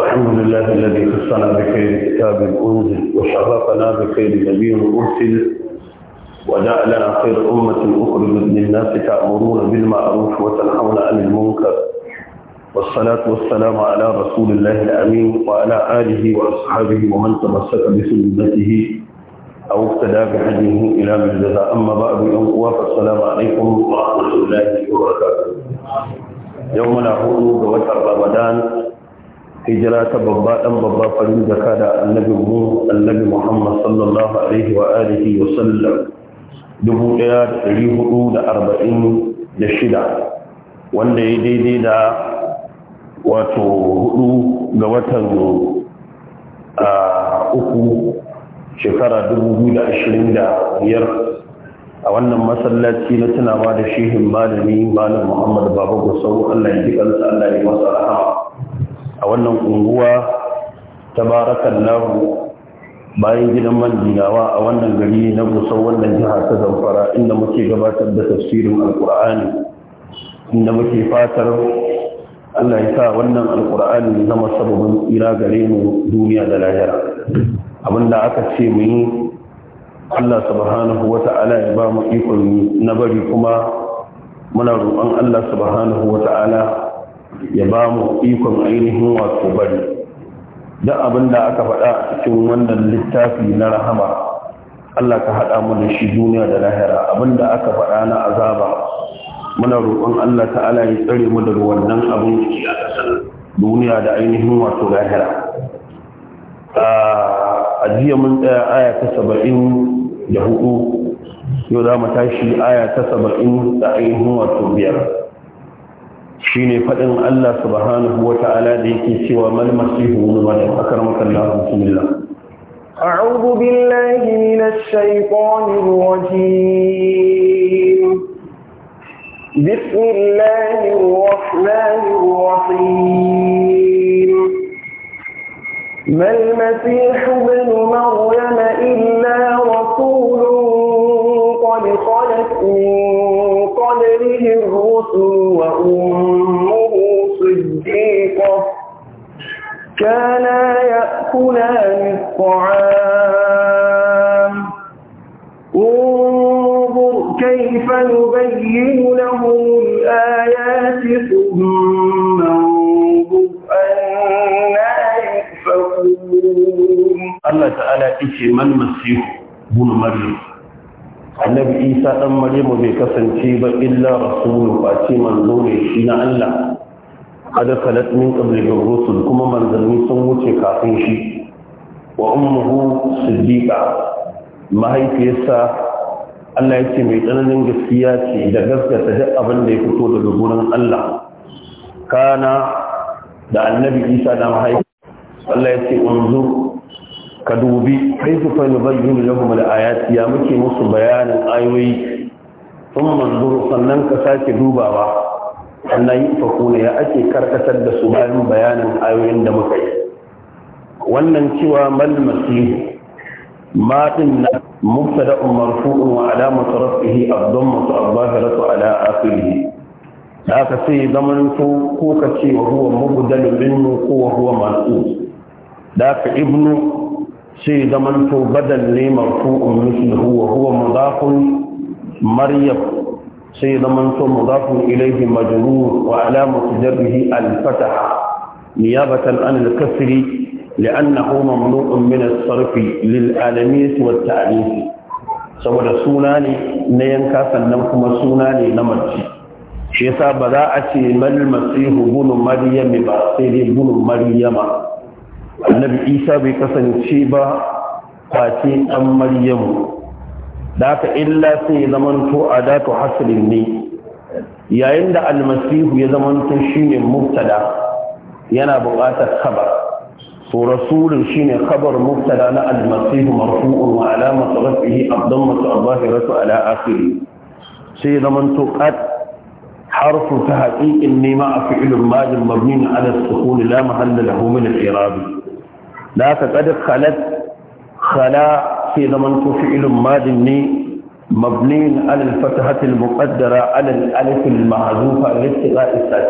الحمد لله الذي خصنا بخير كتاب انزل وشرفنا بخير نبي ارسل وجعلنا خير امه اخرى من الناس تامرون بالمعروف وتنهون عن المنكر والصلاه والسلام على رسول الله الامين وعلى اله واصحابه ومن تمسك بسنته او اقتدى بهديه الى من جزاء اما بعد فالسلام عليكم ورحمه الله وبركاته yau muna hudu ga watan ramadan hijira ta babba dan babba farin jaka da annabi mu annabi muhammad sallallahu alaihi wa alihi wa sallam dubu daya da dari hudu da arba'in da shida wanda ya daidai da wato hudu ga watan ah, uku shekara dubu biyu da ashirin da biyar a wannan masallaci na tunawa da shehin malami malam muhammad baba gusau allah ya ji kansa allah ya masa rahama a wannan unguwa tabarakallahu bayan gidan man dinawa a wannan gari na gusau wannan jiha ta zamfara inda muke gabatar da tafsirin alkur'ani inda muke fatar allah ya sa wannan alkur'ani zama sababin tsira gare mu duniya da lahira abinda aka ce mu yi Allah subhanahu wa ta'ala ya ba mu ikon na bari kuma muna roƙon Allah subhanahu wa ta'ala ya ba mu ikon ainihin wato bari duk abin da aka faɗa a cikin wannan littafi na rahama Allah ka haɗa mu da shi duniya da lahira abin da aka faɗa na azaba muna roƙon Allah ta'ala ya tsare mu da wannan abin duniya da ainihin wato lahira a mun tsaya aya ta saba'in da hudu yau za mu tashi aya ta saba'in da ainihin wato biyar shi ne faɗin Allah subhanahu wa ta'ala da yake cewa mal masihu wani wani akar makallahu bismillah أعوذ بالله من الشيطان الرجيم بسم الله الرحمن الرحيم ما المسيح ابن مريم إلا رسول قد خلت من قبله الرسل وأمه صديقة كانا يأكلان الطعام انظر كيف نبين لهم الآيات ثم Allah ta'ala ce man masihu bin maryam annabi isa dan maryamu bai kasance ba illa rasulun ba manzo ne shi na Allah kada kalat min qablihi rusul kuma manzanni sun wuce kafin shi wa ummuhu siddiqa mahaifiyarsa Allah ce mai tsananin gaskiya ce da gaskata duk abin da ya fito daga gurin Allah kana da annabi isa da mahaifi Allah ya ce unzur ka dubi su fa nubayyinu lahum al-ayati ya muke musu bayanin ayoyi sun manzuru sannan ka sake dubawa sannan yi fakuna ya ake karkatar da su bayan bayanin ayoyin da muka yi wannan cewa mal masihu ma din na mubtada'un marfu'un wa alamatu rafihi ad-dammatu adh-dhahiratu ala akhirih da aka sai zaman to ko ka ce wa huwa mubdal min ko wa huwa man'u da ka ibnu sai zamanto badal ne marfu'un mislihu wa huwa mudafun maryam sai zamanto mudafun ilayhi majrur wa alamatu jarrihi al-fataha نيابة عن الكسر لأنه ممنوع من الصرف للآلمية والتعليم saboda suna ne na yanka sannan kuma suna ne na mace shi yasa ba za a ce mal masihu bunu maryami ba sai dai bunu maryama annabi isa bai kasance ba face ɗan maryamu da aka illa sai ya zamanto a datu hasilin ne yayin da almasihu ya zamanto shine mubtada yana buƙatar kabar to rasulun shine kabar mubtada na almasihu marfu'un wa alamatu rafihi abdammatu al-zahiratu ala akhiri sai zamanto qad harfu ta haqiqin nema a fi'ilun majin mabni ala sukun la mahalla lahu min al-i'rab da aka kada khalat khala sai zaman ko fi'ilun madin ne mabni ala al-fatahati al-muqaddara ala al-alif al-mahzufa li istiqa'i